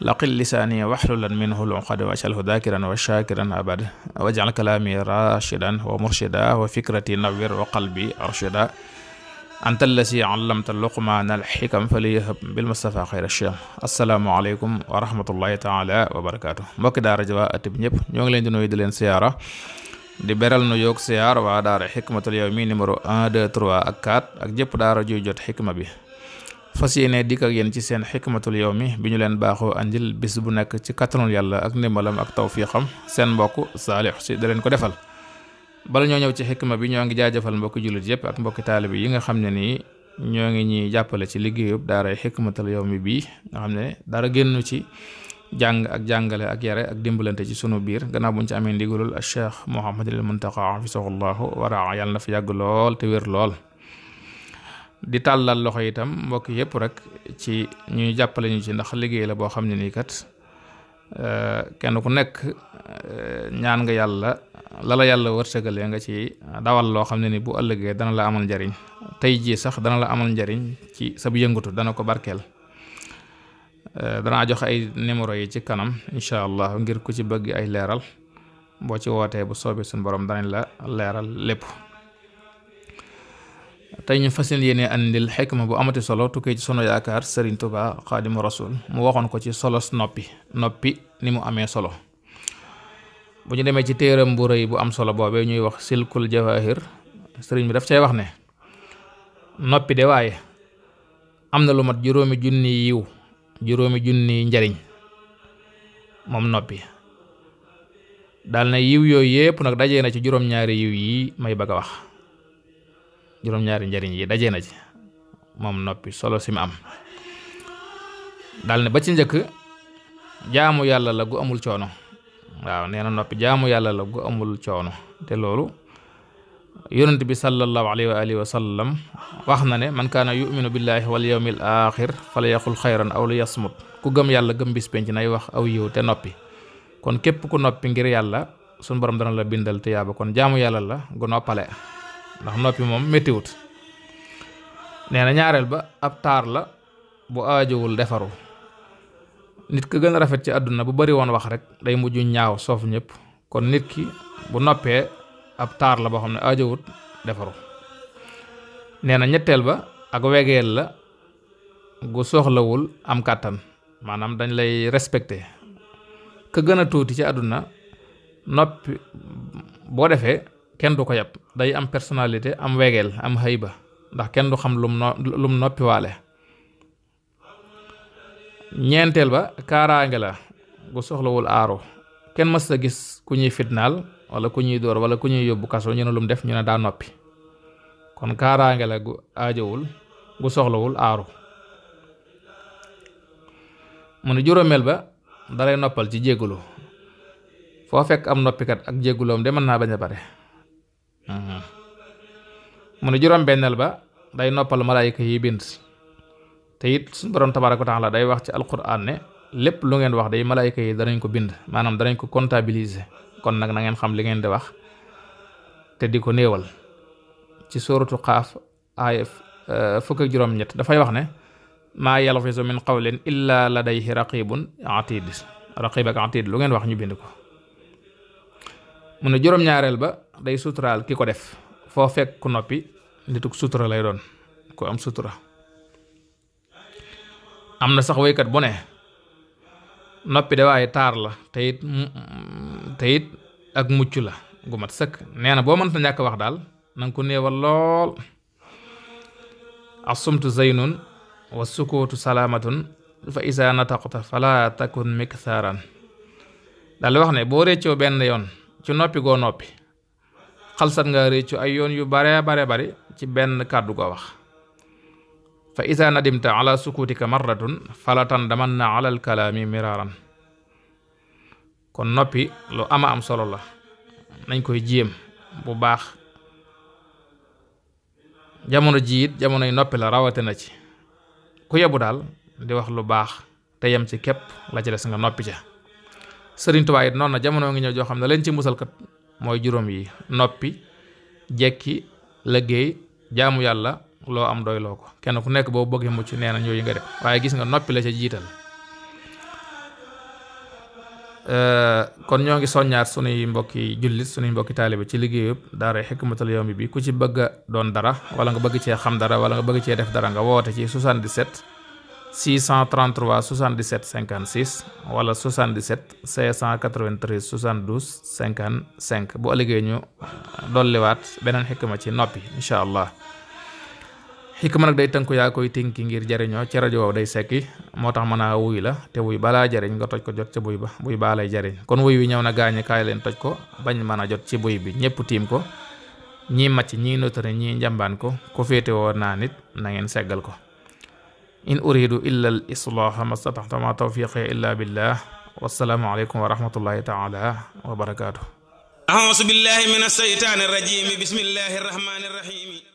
laqil lisaani waxlulan minhu luqad waj'alhu dhaakiran wa shaakiran abad waj'al kalaami raashidan wa murshida wa fikrati nawwir wa qalbi arshida anta allasi allamta luqmaana alxikam faliyahab bil mustafa xayra sham assalaamu aleykum wa rahmatullahi taala wa barakaatu mbokki daara ji waa at bi ñoo ngi leen di nuyu di leen siyaara di beral nu yoog siyaar waa daara xikmatul yawmi numéro 1 2 ak 4 ak jëpp daara juy jot xikma bi fas yéene dikk ak yéen ci seen xikmatul mi bi ñu leen baaxoo andil bis bu nekk ci kattanul yàlla ak ndimbalam ak tawfiixam seen mbokk saalix si da leen ko defal bala ñoo ñëw ci xikma bi ñoo ngi jaajëfal mbokki jullit yëpp ak mbokki taalibe yi nga xam ne nii ñoo ngi ñuy jàppale ci liggéeyub daaray xikmatul mi bii nga xam ne dara génn ci jàng ak jàngale ak yare ak dimbalante ci sunu biir gannaaw ñu ci amee ndigalul cheikh Mouhamadul Muntaqa xafisahullahu wara yàlla na fi yàgg lool te wér lool di tàllal loxo itam mbokk yëpp rek ci ñuy jàppale ñu ci ndax liggéey la boo xam ne nii kat euh, kenn ku nekk euh, ñaan nga yàlla la la yàlla wërsëgalee nga ci dawal loo xam ne ni bu ëllëgee dana la amal njariñ tey jii sax dana la amal njariñ ci sab yëngatu dana ko barkeel euh, danaa jox ay numéro yi ci kanam incha allah ngir ku ci bëgg ay leeral boo ci wootee bu soobee suñu borom danañ la leeral lépp tey ñu fas yéene andil xikma bu amati solo tukkee ci sunu yaakaar Serigne tubaa Xaadimu Rasul mu waxoon ko ci solos noppi noppi ni mu amee solo bu ñu demee ci téeram bu rëy bu am solo boobee ñuy wax silkul jawahir sëriñ bi daf cay wax ne noppi de waaye am na lu mat juróomi junni yiw juróomi junni njariñ moom noppi daal na yiw yooyu yépp nag dajee na ci juróom-ñaari yiw yi may bëgg a wax juróom-ñaari njariñ yi daje na ci moom noppi solo sim am dal ne ba ci njëkk jaamu yàlla la gu amul coono waaw nee na noppi jaamu yàlla la gu amul coono te loolu yonent bi sallallahu alayhi wa alihi wa sallam wax na ne man kaana yuminu billahi wal yawmil axir falyaqul xayran aw liyasmut ku gëm yàlla gëm bis nay wax aw yiw te noppi kon képp ku noppi ngir yàlla sun borom dana la bindal te yaaba kon jaamu yàlla la gu noppale ndax noppi moom méttiwut nee na ñaareel ba ab taar la bu aajowul defaru nit ki gën a rafet ci àdduna bu bari woon wax rek day mujj ñaaw soof ñëpp kon nit ki bu noppee ab taar la boo xam ne aajowut defaru nee na ñetteel ba ak wegeel la gu soxlawul am kàttan maanaam dañ lay respecté ka gën a tuuti ci àdduna noppi boo defee kenn du ko yab day am personnalité am wegeel am xëyba ndax kenn du xam lum no lum noppiwaale ñeenteel ba kaaraange la gu soxlawul aaru kenn mës a gis ku ñuy fitnaal wala ku ñuy dóor wala ku ñuy yóbbu kaso ñu ne lu mu def ñu ne daa noppi kon kaaraange la gu aajowul gu soxlawul aaru mu ne juróomeel ba dalay noppal ci jéggulu foo fekk am noppikat ak jégguloom de mën naa bañ a bare mu ne juróom-benneel ba day noppal malaayika yi bind te it suñu borom tabaaraka wa taala day wax ci alquran ne lépp lu ngeen wax day malaayika yi danañ ko bind maanaam danañ ko comptabiliser kon nag na ngeen xam li ngeen di wax te di ko néewal ci sóoratu xaaf aaya euh, fukk ak juróom-ñett dafay wax ne maa yalfizu min qawlin illa ladayhi raqibun atid raqib ak atid lu ngeen wax ñu bind ko mu ne juróom-ñaareel ba day suturaal ki ko def foo fekk ku noppi nituk sutura lay doon ku am sutura am na sax woykat bu ne noppi de waaye taar la teyit teyit ak mucc la gu mat sëkk nee na boo mënta ñàkk wax daal nanga ko néewal lool asumtu zaynun wa sukuutu salaamatun fa isa nataqta fala takun miktharan daal wax ne boo réccoo benn yoon ci noppi goo noppi xalsat nga réccu ay yoon yu bare bare bari ci benn kàddu ko wax fa isa nadimta ala sukutika marratun fala tandaman na ala alkalaami miraaran kon noppi lu ama am solo la nañ koy jéem bu baax jamono ji it jamonoy noppi la rawate na ci ku yebu daal di wax lu baax te yem ci képp la ci des nga noppi ca Sëriñ Tuubaa it noonu na jamono ngi ñëw joo xam ne leen ci musalkat mooy juróom yi noppi jekki liggéey jaamu yàlla loo am doy loo ko kenn ku nekk boo bëggee mucc nee na ñooyu nga def waaye gis nga noppi la ca jiital kon ñoo ngi soññaat sunuy mbokki jullit sunuy mbokki taalibe ci liggéeyub daara Hikmatul Yawmi bi ku ci bëgg doon dara wala nga bëgg cee xam dara wala nga bëgg cee def dara nga woote ci 77 633 77 56 wala 77 693 72 55 bu ëllëgee ñu dolliwaat beneen ma ci noppi incha allah xikma nag day tënku yaa koy tinki ngir jariñoo ci rajo day sekki moo tax mën a wuy la te wuy balaa jariñ nga toj ko jot ca buy ba buy baa lay jariñ kon wuy wi ñëw na gaañi kaay leen toj ko bañ mën a jot ci buy bi ñëpp tiim ko ñii mat màcc ñii notari ñii njambaan ko ku féete woo naa nit na ngeen seggal ko in uridu illa al islaha mastataxta ma tawfiqi illa billah wassalaamu aleykum wa rahmatullahi taala wa barakatuh auzu billahi min asheytaani rajim bismillahi rahmani rahim